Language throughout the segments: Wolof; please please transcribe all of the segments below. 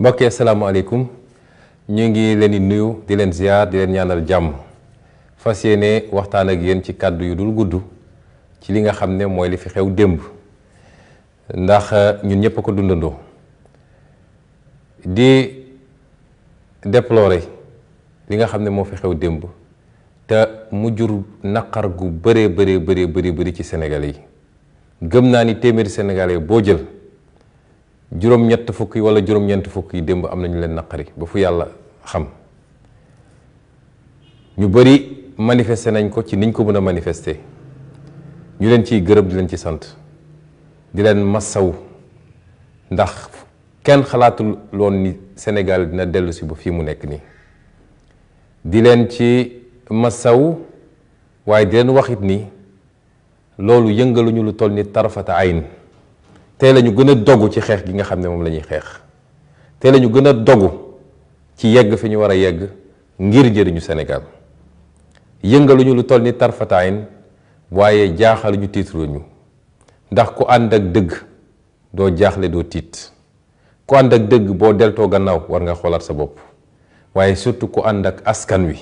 mbokk yi asalaamaaleykum ñu ngi leen di nuyu di leen ziar di leen ñaanal jàmm fas yéene waxtaan ak yéen ci kàddu yu dul gudd ci li nga xam ne mooy li fi xew démb ndax euh, ñun ñëpp a ko dundandoo di déplorer li nga xam ne moo fi xew dëmb te mu jur naqar gu bëree bëree bëree bëri bëri ci senegal yi gëm naa ni téeméeri Sénégalais boo jël. juróom-ñett fukk yi wala juróom-ñeent fukk yi démb am nañu leen naqari ba fu yàlla xam ñu bëri manifester nañ ko ci niñ ko mën a manifester ñu leen ciy gërëb di leen ci sant di leen massaw ndax kenn xalaatu loon ni senegal dina dellu si ba fii mu nekk nii di leen ci massaw waaye di leen waxit ni loolu yëngaluñu lu toll ni tarfata ayn tey la ñu gën a dogu ci xeex gi nga xam ne moom la ñuy xeex tey lañu ñu gën a dogu ci yegg fi ñu war a yegg ngir njëriñu senegal yëngaluñu lu toll ni tarfataayin waaye jaaxaluñu tiitaluñu ndax ku ànd ak dëgg doo jaaxle doo tiit ku ànd ak dëgg boo deltoo gannaaw war nga xoolaat sa bopp waaye surtout ku ànd ak askan wi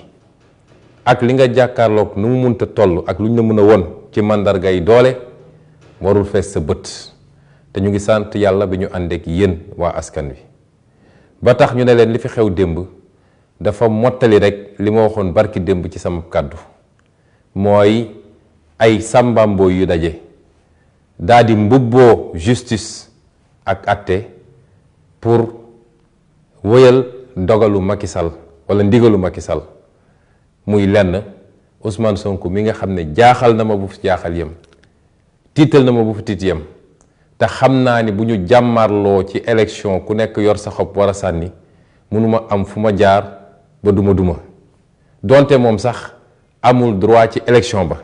ak li nga jàkkaarloog nu mu munta toll ak lu ñu la mën a won ci màndarga yi doole warul fees sa bët te ñu ngi sant yàlla bi ñu ànd ak yéen waa askan wi ba tax ñu ne leen li fi xew démb dafa mottali rek li ma waxoon barki démb ci sama kàddu mooy ay sàmbamboo yu daje daldi di mbubboo justice ak àtte pour wëyal dogalu Macky Sall wala ndigalu Macky Sall muy lenn Ousmane Sonko mi nga xam ne jaaxal na ma bu fi jaaxal yem tiital na ma bu fi tiit yem te xam naa ni bu ñu jàmmarloo ci élection ku nekk yor sa xob war a sànni mënuma am fu ma jaar ba duma duma donte moom sax amul droit ci élection ba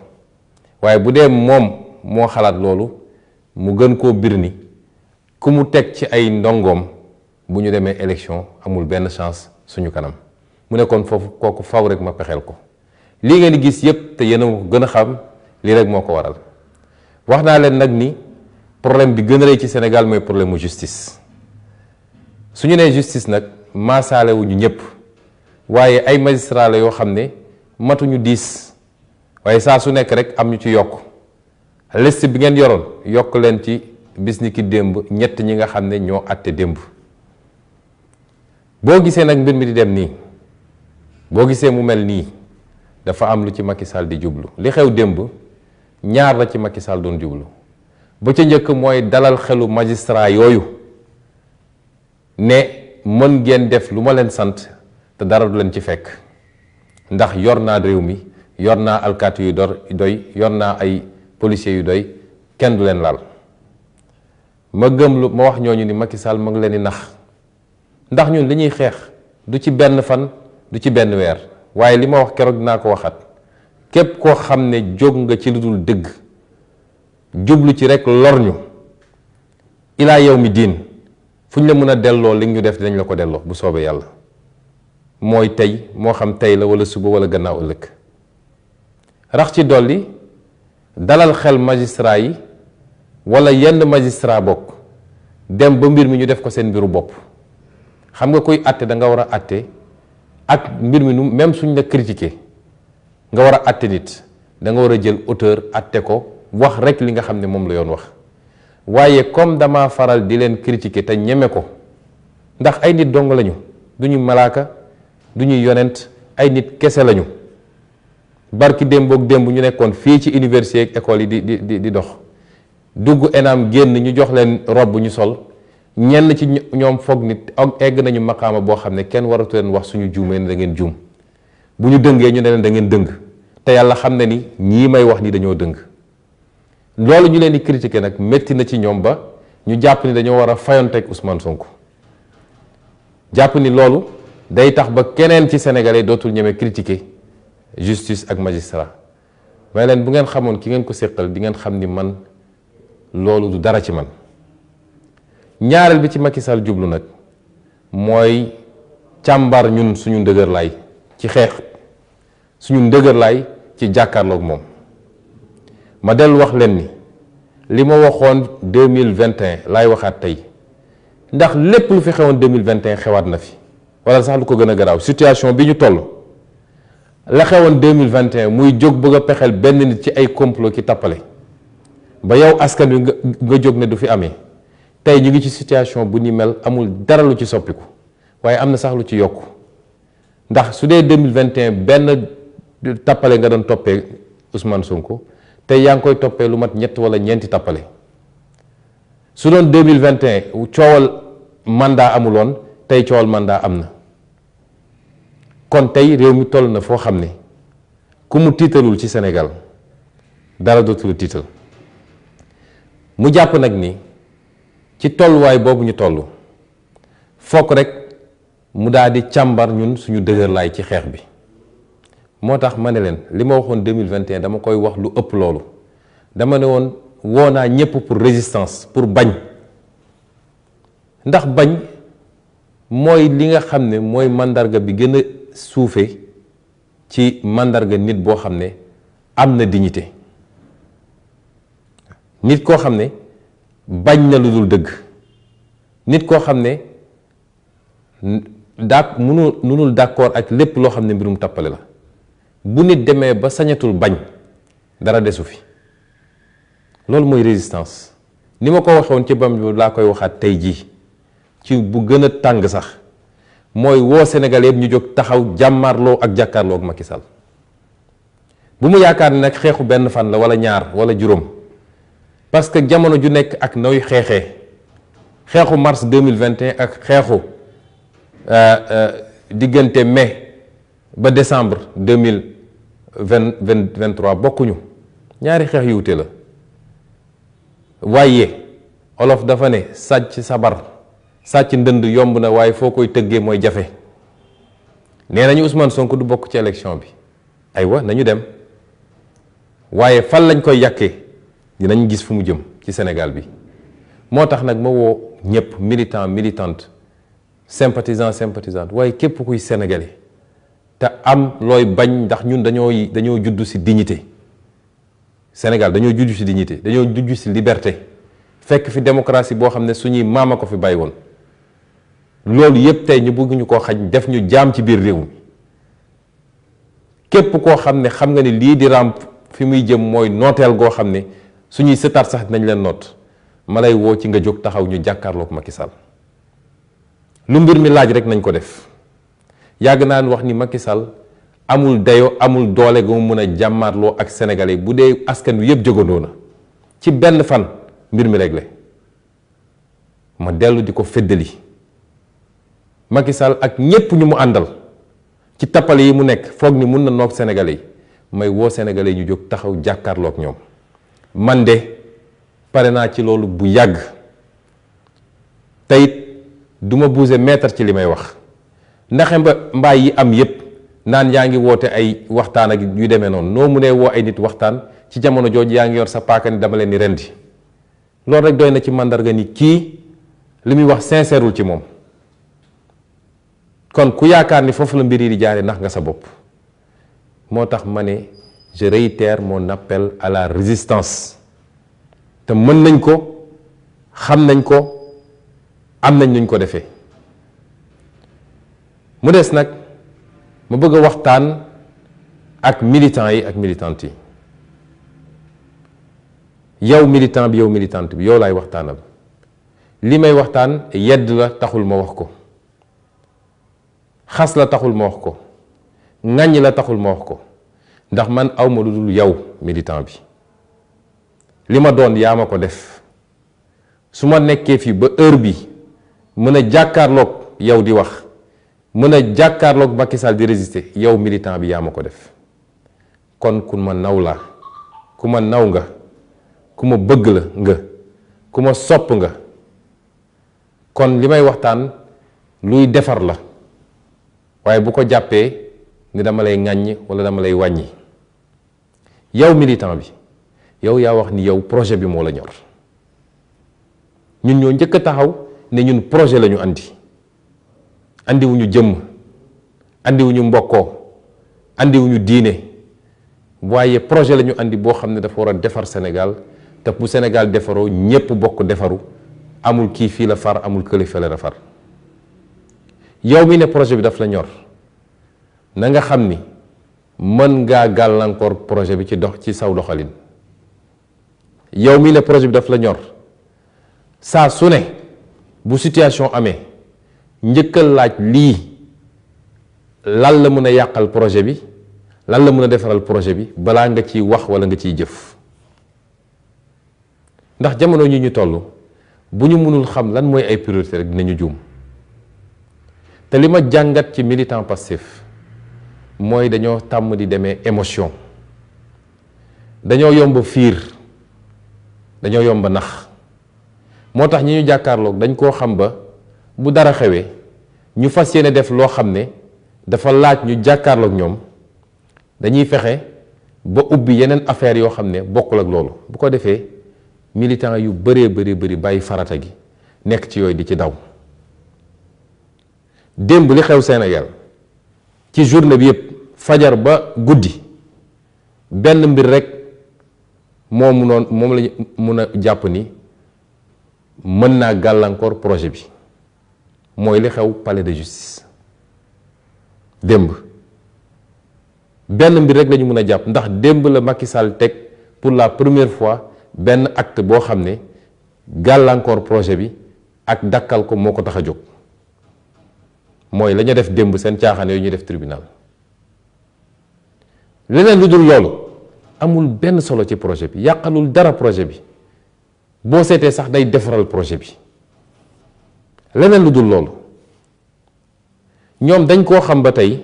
waaye bu dee moom moo xalaat loolu mu gën koo bir ni ku mu teg ci ay ndongoom bu ñu demee élection amul benn chance suñu kanam mu nekkoon foofu kooku faw rek ma pexeel ko lii ngeen gis yépp te yéen gën a xam lii rek moo ko waral wax naa leen nag ni problème bi gën a rëy ci senegal mooy problème mu justice su ñu nee justice nag maasaale wu ñu ñëpp waaye ay magistrat yoo xam ne matuñu diis waaye saa su nekk rek am ñu ci yokk liste bi ngeen yoroon yokk leen ci bis ni démb ñett ñi nga xam ne ñoo àtte démb boo gisee nag mbir mi di dem nii boo gisee mu mel nii dafa am lu ci Macky Sall di jublu li xew démb ñaar la ci Macky Sall doon jublu ba ca njëkk mooy dalal xelu magistrat yooyu ne mën ngeen def lu ma leen sant te dara du leen ci fekk ndax yor naa réew mi yor naa alkaati yu doy yor naa ay policiers yu doy kenn du leen laal ma gëm lu ma wax ñooñu ni Macky Sall ma ngi leen di nax ndax ñun li ñuy xeex du ci benn fan du ci benn weer waaye li ma wax keroog dinaa ko waxaat képp koo xam ne jóg nga ci lu dul dëgg jublu ci rek lor ñu ilaa yow mi diin fu ñu la mën a delloo li ñu def dinañ la ko delloo bu soobee yàlla mooy tey moo xam tey la wala suba walla gannaaw ëllëg rax ci dolli dalal xel magistrat yi wala yenn magistrat bokk dem ba mbir mi ñu def ko seen mbiru bopp xam nga koy àtte da nga war a àtte ak mbir mi nu même suñ la critiqué nga war a àtte nit da war a jël autor àtte ko wax rek li nga xam ne moom la yoon wax waaye comme dama faral di leen critiquer te ñeme ko ndax ay nit dong lañu du ñu malaaka du ñu yonent ay nit kese lañu barki démb ak démb ñu nekkoon fii ci université ak école yi di di di dox dugg enam génn ñu jox leen robb ñu sol ñenn ci ñoom foog nit ak egg nañu maqaama boo xam ne kenn waratu leen wax suñu juumee ne da ngeen juum bu ñu dëngee ñu ne leen da ngeen dëng te yàlla xam ne ni ñii may wax ni dañoo dëng loolu ñu leen di critiquer nag métti na ci ñoom ba ñu jàpp ni dañoo war a fayonteeg Ousmane Sonko jàpp ni loolu day tax ba keneen ci sénégalais dootul ñeme critiquer justice ak magistrat may leen bu ngeen xamoon ki ngeen ko séqal di ngeen xam ni man loolu du dara ci man ñaareel bi ci Macky Sall jublu nag mooy càmbar ñun suñu ndëgër laay ci xeex suñu ndëgër laay ci jàkkaarloog moom ma dellu wax leen ni li ma waxoon deux mille vingt et laay waxaat tey ndax lépp lu fi xewoon deux mille vingt et xewaat na fi wala sax ko gën a garaaw situation bi ñu toll la xewoon mille vingt et muy jóg bëgg a pexeel benn nit ci ay complot ki tappale ba yow askan wi nga nga jóg ne du fi amee tey ñu ngi ci situation bu ni mel amul dara lu ci soppiku waaye am na sax lu ci yokk ndax su dee deux mille vingt et un benn tappale nga doon toppee Ousmane Sonko. te yaa ngi koy toppee lu mat ñett wala ñeenti tappale su doon 2021 coowal mandat amuloon tey coowal mandat am na kon tey réew mi toll na foo xam ne ku mu tiitalul ci senegal dara dootul tiital mu jàpp nag ni ci tolluwaay boobu ñu toll fokk rek mu daal di càmbar ñun suñu dëgër laay ci xeex bi moo tax ma ne leen li ma waxoon 2021 dama koy wax lu ëpp loolu dama ne woon woo naa ñëpp pour résistance pour bañ ndax bañ mooy li nga xam ne mooy màndarga bi gën a suufee ci màndarga nit boo xam ne am na diñite nit koo xam ne bañ na lu dul dëgg nit koo xam ne daa mënul mënul d'accord ak lépp loo xam ne mbirum tappale la bu nit demee ba sañatul bañ dara desu fi loolu mooy résistance ni ma ko waxoon ci bam laa koy waxaat tey jii ci bu gën a tàng sax mooy woo Sénégalais yëpp ñu jóg taxaw jàmmarloo ak jàkkaarloo ak Macky bu mu yaakaar ne nag xeexu benn fan la wala ñaar wala juróom parce que jamono ju nekk ak nooy xeexee xeexu mars 2021 ak xeexu euh, euh, diggante mais ba décembre 2000 vingt bokkuñu ñaari xeex yu wute la waaye olof dafa ne sàcc sabar sàcc ndënd yomb na waaye foo koy tëggee mooy jafe nee nañu Ousmane Sonko du bokk ci élection bi aywa nañu dem waaye fan lañ koy yàkkee dinañ gis fu mu jëm ci Sénégal bi moo tax nag ma woo ñëpp militant militante sympathisant sympathisante waaye képp kuy sénégalais. te am looy bañ ndax ñun dañoo dañoo juddu ci dignité senegal dañoo juddu ci dignité dañoo juddu ci liberté fekk fi démocratie boo xam ne suñuy maama ko fi bàyyi woon loolu yépp tey ñu bëgg ñu koo xañ def ñu jaam ci biir réew mi képp koo xam ne xam nga ne lii di ràmp fi muy jëm mooy nooteel goo xam ne suñuy sëtaat sax dinañ leen noot ma lay woo ci nga jóg taxaw ñu jàkkaarloog Macky Sall lu mbir mi laaj rek nañ ko def yàgg naan wax ni Macky Sall amul dayo amul doole gu mu mën a jàmmaarloo ak sénégalais bu dee askan wi yëpp jógandoo na ci benn fan mbir mi réglé ma dellu di ko feddali makisal ak ñépp ñu mu àndal ci tappale yi mu nekk foog ni mun na noog sénégalais yi may woo sénégalais yi ñu jóg taxaw jàkkaarloog ñoom man de pare naa ci loolu bu yàgg teyit duma bouger mètre ci li may wax ndaxe mba mbaay yi am yépp naan yaa ngi woote ay waxtaan ak yu demee noonu noo mu ne woo ay nit waxtaan ci jamono jooju yaa ngi yor sa paaka ni dama leen di rendi loolu rek doy na ci màndarga ni kii li muy wax sincèreul ci moom kon ku yaakaar ni foofu la mbir yi di jaare nax nga sa bopp moo tax ma ne je réitère mon appel à la résistance te mën nañ ko xam nañ ko am nañ nuñ ko defee mu des nag ma bëgg a waxtaan ak militants yi ak militantes yi yow militant bi yow militante bi yow laay waxtaanal li may waxtaan yedd la taxul ma wax ko xas la taxul ma wax ko ŋàññ la taxul ma wax ko ndax man awma lu dul yow militant bi li ma doon yaa ma ko def su ma nekkee fii ba heure bi mën a jàkkaarloog yow di wax mën a jàkkaarloog Macky Sall di résister yow militant bi yaa ma ko def kon ku ma naw laa ku ma naw nga ku ma bëgg la nga ku ma sopp nga kon li may waxtaan luy defar la waaye bu ko jàppee ni dama lay ŋàññ wala dama lay wàññi yow militant bi yow yaa wax ni yow projet bi moo la ñor ñun ñoo njëkk a taxaw ne ñun projet la ñu andi indiwuñu jëmm indiwuñu mbokkoo andiwuñu diine waaye projet la ñu andi boo xam ne dafa war a defar senegal te bu Sénégal defaroo ñépp bokk defaru amul kii fii la far amul kële la far yow mi ne projet bi daf la ñor na nga xam ni mën ngaa gàllankoor projet bi ci dox ci saw doxalin yow mii ne projet bi daf la ñor saa su ne bu situation amee njëkkal laaj lii lan la mën a yàqal projet bi lan la mën a defaral projet bi balaa nga ciy wax walla nga ci jëf ndax jamono ñi ñu toll bu ñu mënul xam lan mooy ay priorité rek dinañu juum te li ma jàngat ci militant passif mooy dañoo tàmm di demee émotion dañoo yomb fiir dañoo yomb nax moo tax ñi ñu jàkkaarloog dañ koo xam ba bu dara xewee ñu fas yéene def loo xam ne dafa laaj ñu jàkkaarlook ñoom dañuy fexe ba ubbi yeneen affaire yoo xam ne bokkul ak loolu bu ko defee militant yu bëree bëri bëri bàyyi farata gi nekk ci yooyu di ci daw démb li xew Sénégal ci journée bi yëpp fajar ba guddi benn mbir rek moom noonu moom la mun a jàpp ni mën naa gàllankoor projet bi mooy li xew palais de justice démb benn mbir rek lañu mën a jàpp ndax démb la Macky Sall teg pour la première fois benn acte boo xam ne gàllankoor projet bi ak dakkal ko moo ko tax a jóg mooy lañu def démb seen caaxaan yooyu ñuy def tribunal leneen lu dul loolu amul benn solo ci projet bi yàqalul dara projet bi boo seetee sax day defaral projet bi leneen lu dul loolu ñoom dañ koo xam ba tey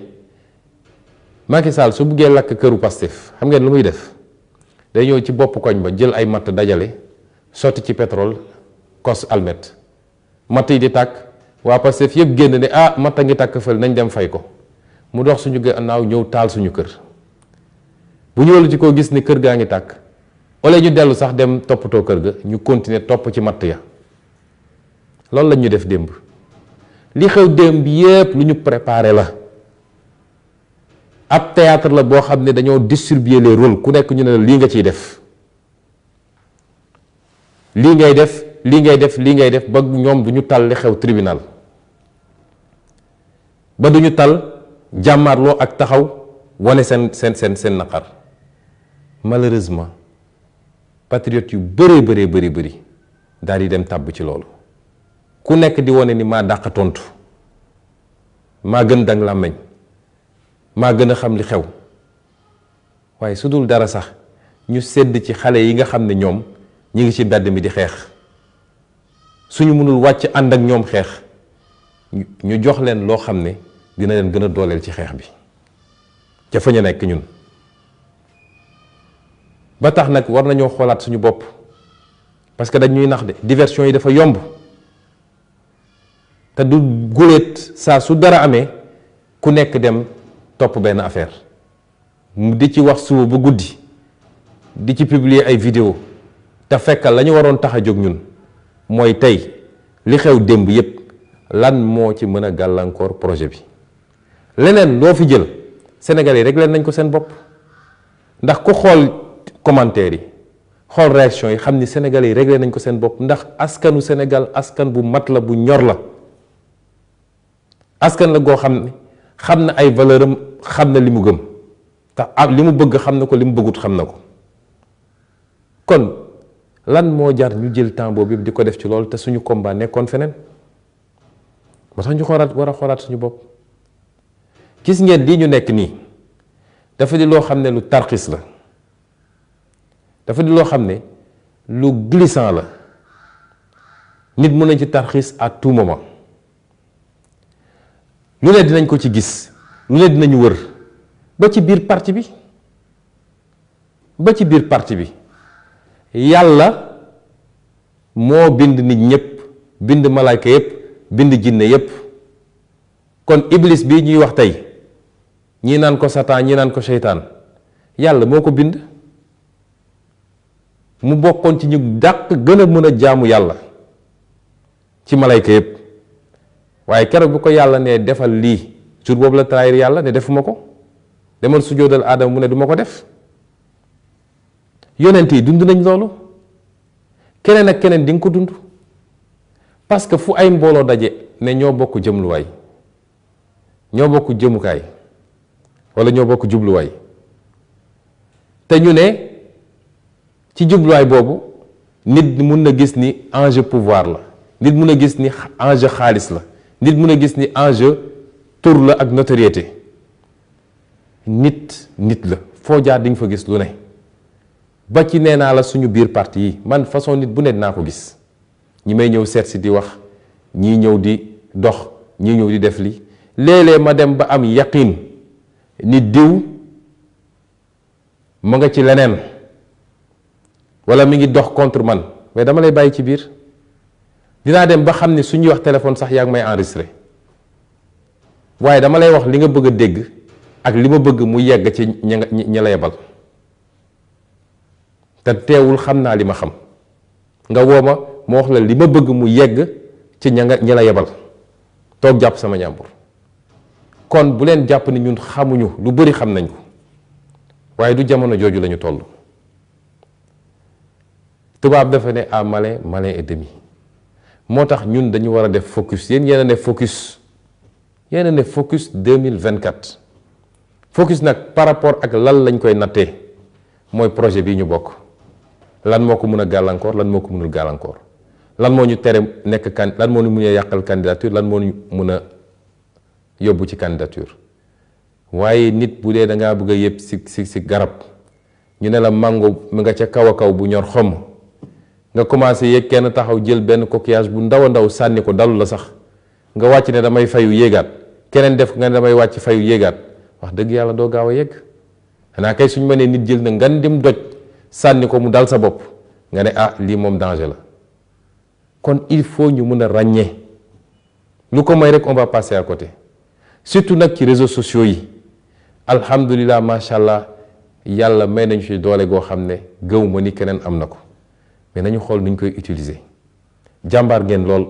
Macky Sall su buggee lakk këru Pastef xam ngeen lu muy def day ñëw ci bopp koñ ba jël ay matt dajale sotti ci petrol kos almet matt yi di tàkk waa Pastef yëpp génn ne ah matt a ngi tàkk fël nañ dem fay ko mu dox suñu gannaaw ñëw taal suñu kër bu ñu wëlu ci koo gis ni kër gaa ngi tàkk ole ñu dellu sax dem toppatoo kër ga ñu continuer topp ci matt ya loolu la ñu def démb li xew démb yépp lu ñu préparé la ab théâtre la boo xam ne dañoo distribuer les role ku nekk ñu ne lii nga ciy def lii ngay def lii ngay def lii ngay def ba ñoom du ñu tal li xew tribunal ba du ñu tal jàmmaarloo ak taxaw wane seen seen seen seen naqar malheureusement patriotes yu bëree bëree bëri bëri daal di dem tàbb ci loolu ku nekk di wane ni maa dàq tontu maa gën dang làmmeñ maa gën a xam li xew waaye su dul dara sax ñu sedd ci xale yi nga xam ne ñoom ñi ngi ci mbedd mi di xeex suñu mënul wàcc ànd ak ñoom xeex ñu jox leen loo xam ne dina leen gën a dooleel ci xeex bi ca fa nekk ñun ba tax nag war nañoo xoolaat suñu bopp parce que dañ ñuy nax de diversion yi dafa yomb te du guléet saa su dara amee ku nekk dem topp benn affaire di ci wax suba bu guddi di ci publier ay vidéo te fekkal lañu waroon tax a jóg ñun mooy tey li xew démb yépp lan moo ci mën a gàllankoor projet bi leneen loo fi jël Sénégal yi rek leen nañ ko seen bopp ndax ku xool commentaires yi xool réaction yi xam ni Sénégal yi réglé nañ ko seen bopp ndax askanu Sénégal askan bu mat la bu ñor la askan la goo xam ne xam na ay valeur am xam na li mu gëm tax am li mu bëgg xam na ko li mu bëggut xam na ko kon lan moo jar ñu jël temps boobu yëpp di ko def ci loolu te suñu combat nekkoon feneen moo tax ñu xoolaat war a xoolaat suñu bopp gis ngeen lii ñu nekk nii dafa di loo xam ne lu tarxis la dafa di loo xam ne lu glissant la nit mën nañ ci tarxis à tout moment lu ne dinañ ko ci gis lu ne dinañ wër ba ci biir parti bi ba ci biir parti bi yàlla moo bind nit ñëpp bind malaayka yëpp bind jinne yëpp kon iblis bii ñuy wax tey ñii naan ko sataan ñi naan ko seytaan yàlla moo ko bind mu bokkoon ci ñu dàq gën a mën a jaamu yàlla ci malayka yépp waaye keroog bu ko yàlla ne defal lii jour boobu la trahir yàlla ne defuma ko demal sujjóotal aadama mu ne duma ko def yonent yi dund nañ loolu keneen ak keneen di nga ko dund parce que fu ay mbooloo daje ne ñoo bokk jëmluwaay ñoo bokk jëmukaay wala ñoo bokk jubluwaay te ñu ne ci jubluwaay boobu nit mun na gis ni enjeu pouvoir la nit mun a gis ni enjeu xaalis la nit mu ne gis ni enjeu tur la ak notoriété nit nit la foo jaar di nga fa gis lu ne ba ci nee naa la suñu biir parti yi man façon nit bu ne dinaa ko gis ñi may ñëw seet di wax ñii ñëw di dox ñii ñëw di def li léeg ma dem ba am yaqin nit diw mu nga ci leneen walla mi ngi dox contre man mais dama lay bàyyi ci biir dinaa dem ba xam ne suñuy wax téléphone sax yaa ngi may enregistré waaye dama lay wax li nga bëgg a dégg ak li ma bëgg mu yegg ci ña nga la yebal te teewul xam naa li ma xam nga woo ma wax la li ma bëgg mu yegg ci ña nga yebal toog jàpp sama ñàmbur kon bu leen jàpp ni ñun xamuñu lu bari xam nañ ko waaye du jamono jooju lañu toll tubaab dafa ne à malin malin et demi moo tax ñun dañu war a def focus yéen yéen a ne focus yéen a ne focus 2024 nag par rapport ak lan lañ koy nattee mooy projet bii ñu bokk lan moo ko mën a gàllankoor lan moo ko mënul gàllankoor lan moo ñu tere nekk kan lan moo nu mën a yàqal candidature lan moo ñu mun a yóbbu ci candidature waaye nit bu dee da ngaa bëgg yëpp si si garab ñu ne la mango mu nga ca kaw a kaw bu ñor xomm nga commencé yéeg kenn taxaw jël benn coquillage bu ndaw ndaw sànni ko dalu la sax nga wàcc ne damay fayu yéegaat keneen def nga ne damay wàcc fayu yéegaat wax dëgg yàlla doo gaaw a yegg xanaa kay suñ mënee nit jël na ngan dim doj sànni ko mu dal sa bopp nga ne ah lii moom danger la kon il faut ñu mën a ràññee lu ko may rek on passer à côté surtout nag ci réseau sociaux yi alhamdulilah macha allah yàlla may nañu si doole goo xam ne gëw ni keneen am na ko. mais nañu xool nuñ koy utiliser jàmbaar ngeen lool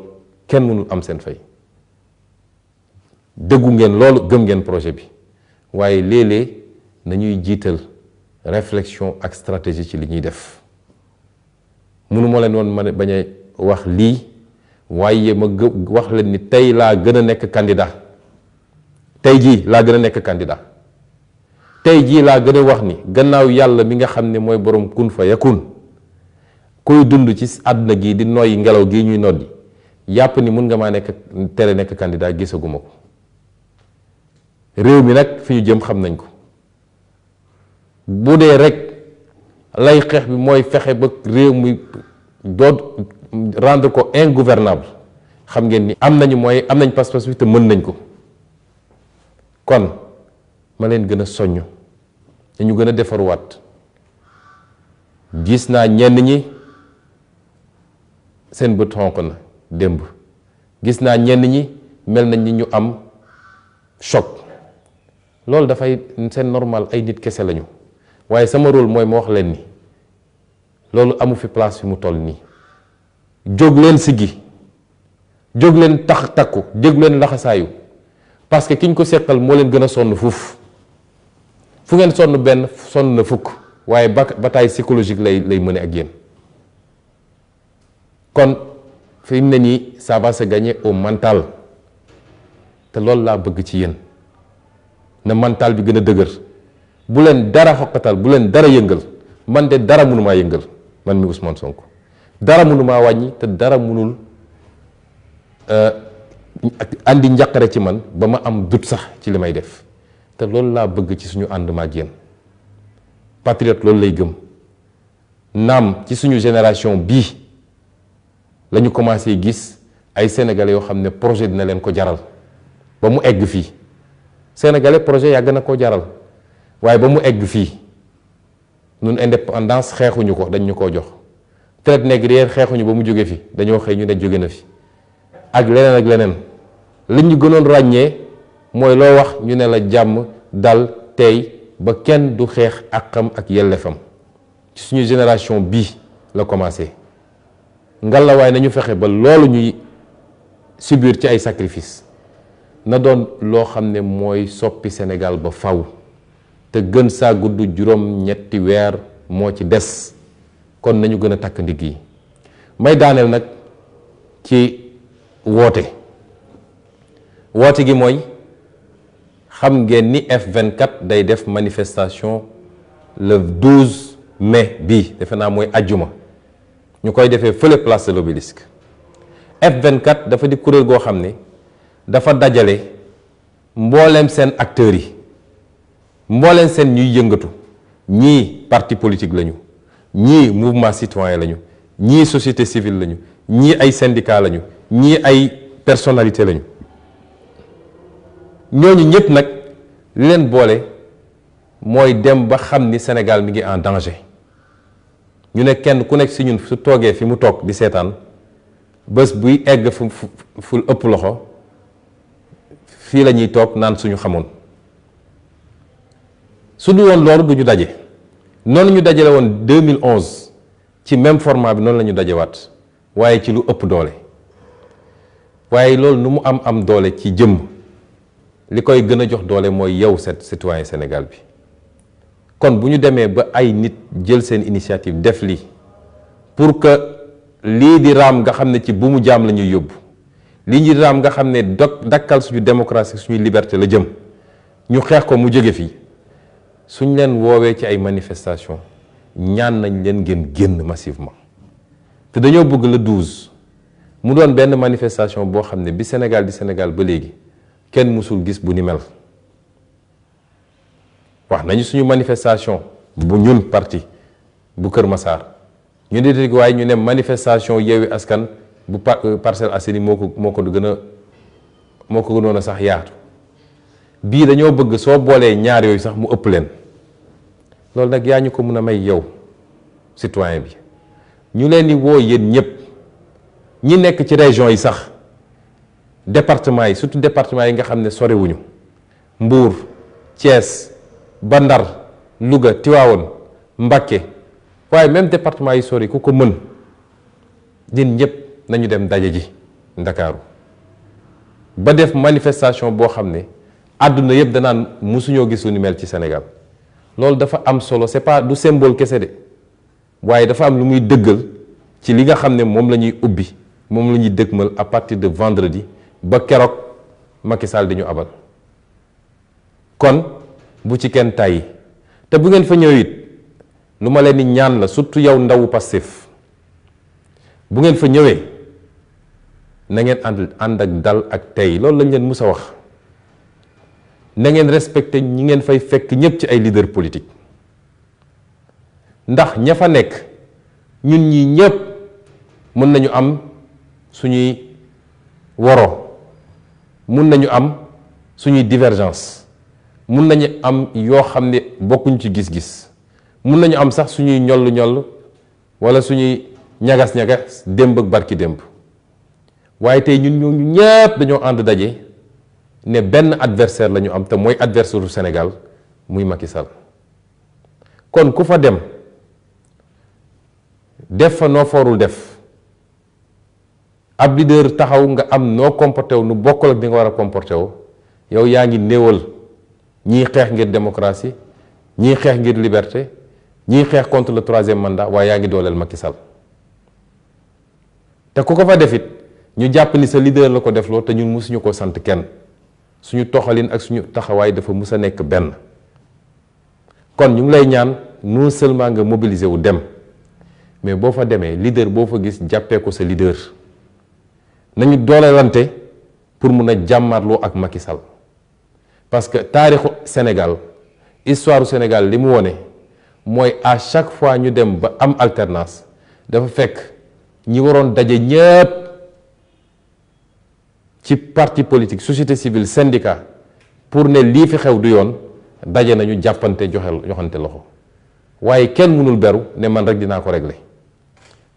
kenn mënul am seen fay dëggu ngeen lool gëm ngeen projet bi waaye léeg-léeg nañuy jiital réflexion ak stratégie ci li ñuy def mënuma leen woon ma ne wax lii waaye ma gë wax leen ni tey laa gën a nekk candidat tey jii laa gën a nekk candidat tey jii laa gën a wax ni gannaaw yàlla mi nga xam ne mooy borom kun fa yakun koy dund ci àdduna gi di noyyi ngelaw gi ñuy noddi yàpp ni mun nga maa nekk tere nekk candidat gisaguma ko réew mi nag fi ñu jëm xam nañ ko bu dee rek lay xeex bi mooy fexe ba réew mi doot rendre ko ingouvernable xam ngeen ni am nañu mooy am nañ pas-pas bi mën nañ ko kon ma leen gën a soññ dañu gën a defaruwaat gis naa ñenn ñi seen bët xonq na démb gis naa ñenn ñi mel nañ ni ñu am choc loolu dafay seen normal ay nit kese lañu waaye sama rôle mooy ma wax leen ni loolu amu fi place fi mu toll nii jóg leen siggi jóg leen tax takku jóg leen laxasaayu parce que ki ñu ko seqal moo leen gën a sonn fuuf fu ngeen sonn benn sonn na fukk waaye ba bataay psychologique lay lay mëne ak yéen kon fi mu ne nii ça va se gagner au te loolu laa bëgg ci yéen na mantaal bi gën a dëgër bu leen dara xoqatal bu leen dara yëngal man de dara mënumaa yëngal man mi Ousmane Sonko dara mënumaa wàññi te dara mënul euh, andi njaqare ci man ba ma am dut sax ci li may def te loolu laa bëgg ci suñu ànd maag yéen patriote loolu lay gëm naam ci suñu génération bii lañu ñu commencé gis ay sénégalais yoo xam ne projet dina leen ko jaral ba mu egg fii sénégalais projet yàgg na koo jaral waaye ba mu egg fii ñun indépendance xeexuñu ko dañ ñu koo jox traite négrière xeexuñu ba mu jóge fi dañoo xëy ñu ne jóge na fi ak leneen ak leneen li ñu gënoon ràññee mooy loo wax ñu ne la jàmm dal tey ba kenn du xeex àqam ak yellefam ci suñu génération bii la commencé ngalawaay nañu fexe ba loolu ñuy subir ci ay sacrifice na doon loo xam ne mooy soppi Sénégal ba faw te gën saa gudd juróom ñetti weer moo ci des kon nañu gën a takk ndigg yi may daaneel nag ci woote woote gi mooy xam ngeen ni F24 day def manifestation le 12 mai bi defe naa mooy ajjuma ñu koy defee fële place de l'obélisque F24 dafa di kuréel goo xam ne dafa dajale mbooleem seen acteurs yi mbooleem seen ñuy yëngatu ñii parti politique lañu ñii mouvement citoyen lañu ñii société civile lañu ñii ay syndicat lañu ñii ay personnalité lañu ñooñu ñëpp nag li leen boole mooy dem ba xam ni Sénégal mi ngi en danger. ñu ne kenn ku nekk si ñun su toogee fi mu toog di seetaan bés buy egg fu fu ëpp loxo fii la ñuy toog naan suñu xamoon su du woon loolu du daje noonu ñu dajale woon 2011 ci même format bi noonu la ñu dajewaat waaye ci lu ëpp doole waaye loolu nu mu am am doole ci jëmm li koy gën a jox doole mooy yow set citoyen Sénégal bi kon bu ñu demee ba ay nit jël seen initiative def lii pour que lii di raam nga xam ne ci bu mu jaam la ñuy yóbbu lii di raam nga xam ne dok dakkal suñu démocratie suñu liberté la jëm ñu xeex ko mu jóge fii suñ leen woowee ci ay manifestation ñaan nañ leen ngeen génn massivement te dañoo bëgg le 12 mu doon benn manifestation boo xam ne bi Sénégal di Sénégal ba léegi kenn mësul gis bu ni mel wax nañu suñu manifestation bu ñun parti bu Kër Massar ñu di dégg waaye ñu ne manifestation Yewwi Askan bu euh, Parcelles Assainies moo ko moo ko gën moo ko gënoon a sax yaatu bii dañoo bëgg soo boolee ñaar yooyu sax mu ëpp leen loolu nag yaa ñu ko mën a may yow citoyen bi ñu leen di woo yéen ñëpp ñi nekk ci région yi sax département yi surtout département yi nga xam ne sorewuñu Mbour Thiès ba Ndar Louga Tiwaawoon Mbakke waaye même département yi sori ku ko mën din ñëpp nañu dem daje ji Ndakaaru ba def manifestation boo xam ne àdduna yëpp danaan musuñoo gis lu ni mel ci senegal loolu dafa am solo c'est pas du symbole kese de waaye dafa am lu muy dëggal ci li nga xam ne moom la ñuy ubbi moom la ñuy dëgmal à partir de vendredi ba keroog Macky Sall di ñu abal kon bu ci kenn tàyyi te bu ngeen fa ñëwee it lu ma leen di ñaan la surtout yow ndawu Pastef bu ngeen fa ñëwee na ngeen ànd ànd ak dal ak tey loolu lañ leen mus a wax na ngeen respecté ñi ngeen fay fekk ñépp ci ay leader politique ndax ña fa nekk ñun ñi ñépp mën nañu am suñuy woro mun nañu am suñuy divergence mun nañu am yoo xam ne bokkuñ ci gis-gis mun nañu am sax suñuy ñoll ñoll wala suñuy ñagas-ñagas démb ak barki démb waaye tey ñun ñooñu ñëpp dañoo ànd daje ne benn adversaire la ñu am te mooy adversaire u Sénégal muy Macky sal kon ku fa dem def fa noo foorul def ab leader taxaw nga am noo comporté wu nu bokkal ak di nga war a comporté wu yow yaa ngi néewal ñii xeex ngir démocratie ñii xeex ngir liberté ñii xeex contre le troisième manda waaye yaa ngi dooleel Macky Sall te ku ko fa defit ñu jàpp ni sa leader la ko defloo te ñun mosuñu ko sant kenn suñu toxalin ak suñu taxawaay dafa mus a nekk benn kon ñu ngi lay ñaan non seulement nga mobiliser wu dem mais boo fa demee leader boo fa gis jàppee ko sa leader nañu dooleelante pour mun a jàmmarloo ak Macky Sall parce que taarixu Sénégal histoire Sénégal li mu wone mooy à chaque fois ñu dem ba am alternance dafa fekk ñi waroon daje ñépp ci parti politique société civile syndicat pour ne lii fi xew du yoon daje nañu jàppante joxe joxante loxo waaye kenn mënul beru ne man rek dinaa ko régler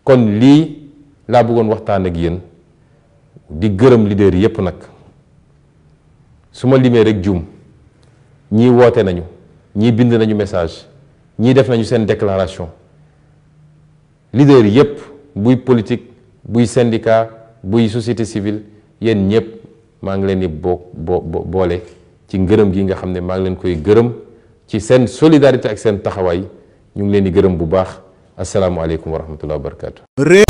kon lii laa bëggoon waxtaan ak yéen di gërëm leader yépp nag su ma limee rek juum ñii woote nañu ñii bind nañu message ñii def nañu seen déclaration leader yépp buy politique buy syndicat buy société civile yéen ñëpp maa ngi leen di boo boo boole ci ngërëm gi nga xam ne maa ngi leen koy gërëm ci seen solidarité ak seen taxawaay ñu ngi leen di gërëm bu baax asalaamualeykum wa rahmatullah wa